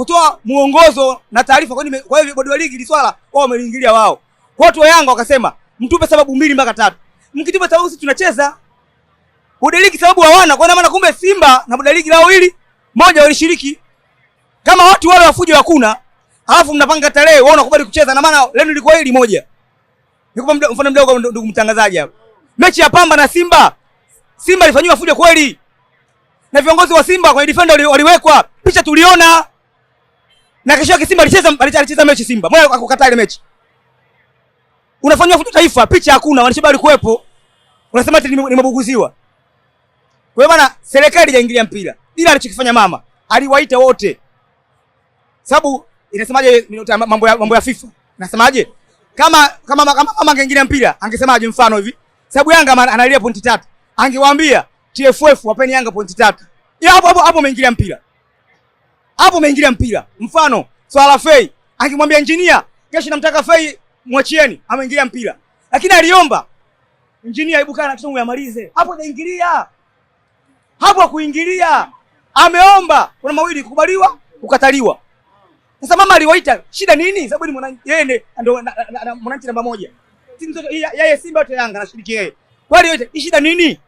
kutoa mwongozo na taarifa. Kwa hiyo bodi ya ligi ni swala wao wameliingilia wao. Kwa watu wa Yanga wakasema mtupe sababu mbili mpaka tatu, mkitupa sababu sisi tunacheza bodi ligi sababu hawana. Kwa maana kumbe Simba na bodi ligi lao hili moja walishiriki kama watu wale wafuje hakuna, alafu mnapanga tarehe wao unakubali kucheza, na maana leo ilikuwa hili moja. Nikupa mfano mdogo, ndugu mtangazaji, hapa mechi ya Pamba na Simba, Simba ilifanywa fujo kweli, na viongozi wa Simba kwa defender waliwekwa, picha tuliona na kesho yake Simba alicheza alicheza mechi Simba. Mbona akakataa ile mechi? Unafanywa fujo taifa, picha hakuna, wanashiba walikuwepo. Unasema ati nimebuguziwa. Kwa hiyo bana serikali haijaingilia mpira. Bila alichokifanya mama, aliwaita wote. Sababu inasemaje mambo ya mambo ya FIFA? Nasemaje? Kama kama kama mama angeingilia mpira, angesemaje mfano hivi? Sababu Yanga analia pointi tatu. Angewaambia TFF wapeni Yanga pointi tatu. Ya hapo hapo hapo umeingilia mpira hapo umeingilia mpira. Mfano swala Fei akimwambia injinia kesho namtaka Fei mwachieni, ameingilia mpira, lakini aliomba injinia hebu kana kitu uyamalize hapo, hajaingilia hapo, akuingilia ameomba. Kuna mawili, kukubaliwa, kukataliwa. Sasa mama aliwaita, shida nini? Sababu ni mwananchi, yeye ndio mwananchi namba moja, yeye Simba yote Yanga anashiriki yeye, kwa hiyo shida nini?